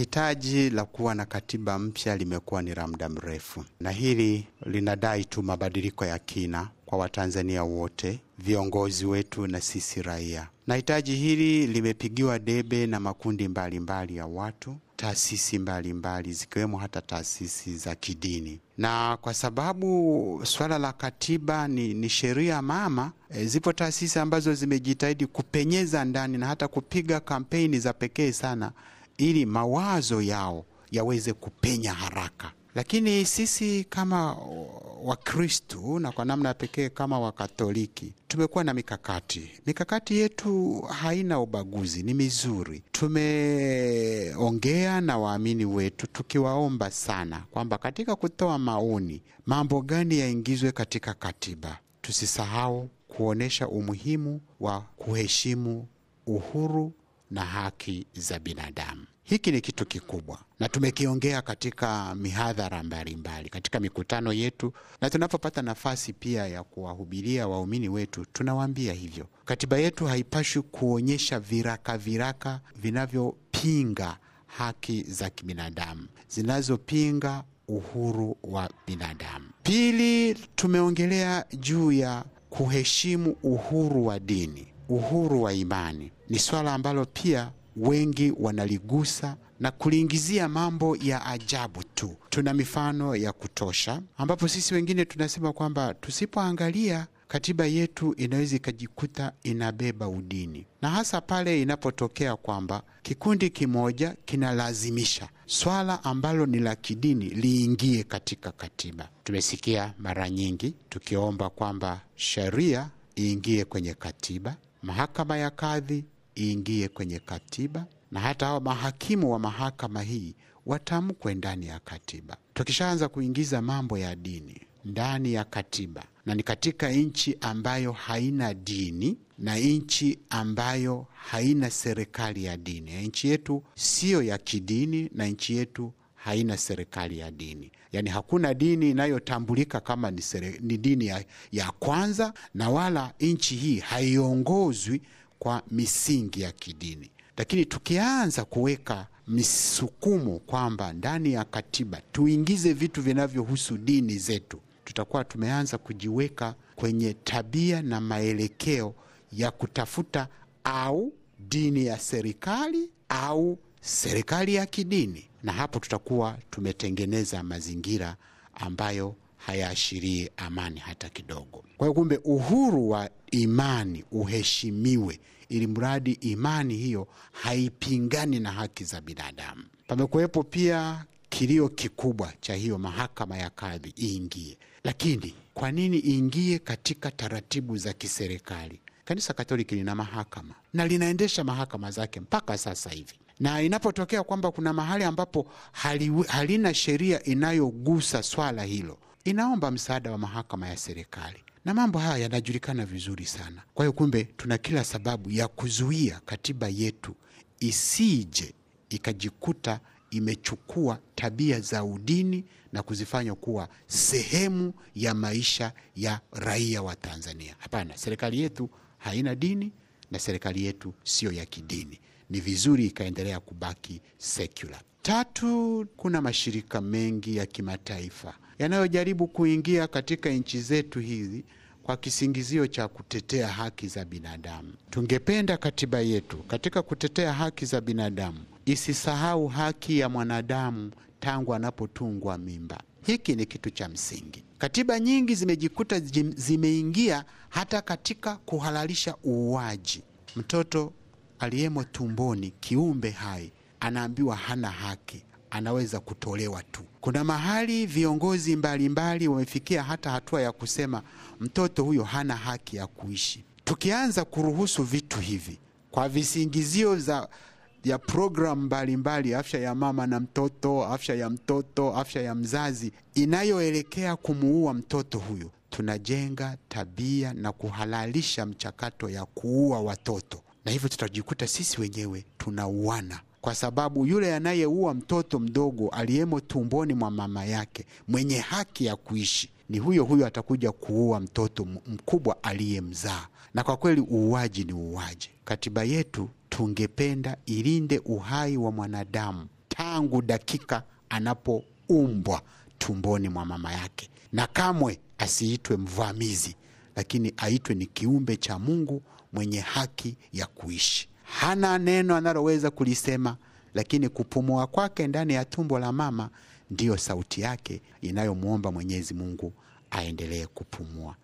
Hitaji la kuwa na katiba mpya limekuwa ni la muda mrefu, na hili linadai tu mabadiliko ya kina kwa Watanzania wote, viongozi wetu na sisi raia, na hitaji hili limepigiwa debe na makundi mbalimbali mbali ya watu, taasisi mbalimbali zikiwemo hata taasisi za kidini, na kwa sababu swala la katiba ni, ni sheria mama e, zipo taasisi ambazo zimejitahidi kupenyeza ndani na hata kupiga kampeni za pekee sana ili mawazo yao yaweze kupenya haraka. Lakini sisi kama Wakristu na kwa namna pekee kama Wakatoliki tumekuwa na mikakati. Mikakati yetu haina ubaguzi, ni mizuri. Tumeongea na waamini wetu tukiwaomba sana kwamba katika kutoa maoni, mambo gani yaingizwe katika katiba. Tusisahau kuonyesha umuhimu wa kuheshimu uhuru na haki za binadamu. Hiki ni kitu kikubwa, na tumekiongea katika mihadhara mbalimbali mbali, katika mikutano yetu, na tunapopata nafasi pia ya kuwahubiria waumini wetu tunawaambia hivyo. Katiba yetu haipashwi kuonyesha viraka viraka vinavyopinga haki za kibinadamu, zinazopinga uhuru wa binadamu. Pili, tumeongelea juu ya kuheshimu uhuru wa dini uhuru wa imani ni swala ambalo pia wengi wanaligusa na kuliingizia mambo ya ajabu tu. Tuna mifano ya kutosha, ambapo sisi wengine tunasema kwamba tusipoangalia katiba yetu inaweza ikajikuta inabeba udini, na hasa pale inapotokea kwamba kikundi kimoja kinalazimisha swala ambalo ni la kidini liingie katika katiba. Tumesikia mara nyingi tukiomba kwamba sheria iingie kwenye katiba mahakama ya kadhi iingie kwenye katiba na hata hawa mahakimu wa mahakama hii watamkwe ndani ya katiba. Tukishaanza kuingiza mambo ya dini ndani ya katiba, na ni katika nchi ambayo haina dini na nchi ambayo haina serikali ya dini, nchi yetu siyo ya kidini na nchi yetu haina serikali ya dini, yaani hakuna dini inayotambulika kama ni, seri, ni dini ya, ya kwanza, na wala nchi hii haiongozwi kwa misingi ya kidini. Lakini tukianza kuweka misukumo kwamba ndani ya katiba tuingize vitu vinavyohusu dini zetu, tutakuwa tumeanza kujiweka kwenye tabia na maelekeo ya kutafuta au dini ya serikali au serikali ya kidini na hapo tutakuwa tumetengeneza mazingira ambayo hayaashirii amani hata kidogo. Kwa hiyo, kumbe uhuru wa imani uheshimiwe, ili mradi imani hiyo haipingani na haki za binadamu. Pamekuwepo pia kilio kikubwa cha hiyo mahakama ya kadhi iingie, lakini kwa nini iingie katika taratibu za kiserikali? Kanisa Katoliki lina mahakama na linaendesha mahakama zake mpaka sasa hivi, na inapotokea kwamba kuna mahali ambapo hali, halina sheria inayogusa swala hilo, inaomba msaada wa mahakama ya serikali na mambo haya yanajulikana vizuri sana. Kwa hiyo kumbe, tuna kila sababu ya kuzuia katiba yetu isije ikajikuta imechukua tabia za udini na kuzifanya kuwa sehemu ya maisha ya raia wa Tanzania. Hapana, serikali yetu haina dini na serikali yetu siyo ya kidini. Ni vizuri ikaendelea kubaki secular. Tatu, kuna mashirika mengi ya kimataifa yanayojaribu kuingia katika nchi zetu hizi kwa kisingizio cha kutetea haki za binadamu. Tungependa katiba yetu katika kutetea haki za binadamu isisahau haki ya mwanadamu tangu anapotungwa mimba. Hiki ni kitu cha msingi. Katiba nyingi zimejikuta zimeingia hata katika kuhalalisha uuaji. Mtoto aliyemo tumboni, kiumbe hai, anaambiwa hana haki, anaweza kutolewa tu. Kuna mahali viongozi mbalimbali wamefikia hata hatua ya kusema mtoto huyo hana haki ya kuishi. Tukianza kuruhusu vitu hivi kwa visingizio za ya programu mbalimbali, afya ya mama na mtoto, afya ya mtoto, afya ya mzazi, inayoelekea kumuua mtoto huyo. Tunajenga tabia na kuhalalisha mchakato ya kuua watoto, na hivyo tutajikuta sisi wenyewe tunauana kwa sababu yule anayeua mtoto mdogo aliyemo tumboni mwa mama yake mwenye haki ya kuishi ni huyo huyo atakuja kuua mtoto mkubwa aliyemzaa. Na kwa kweli uuaji ni uuaji. Katiba yetu tungependa ilinde uhai wa mwanadamu tangu dakika anapoumbwa tumboni mwa mama yake, na kamwe asiitwe mvamizi, lakini aitwe ni kiumbe cha Mungu mwenye haki ya kuishi. Hana neno analoweza kulisema, lakini kupumua kwake ndani ya tumbo la mama ndiyo sauti yake inayomwomba Mwenyezi Mungu aendelee kupumua.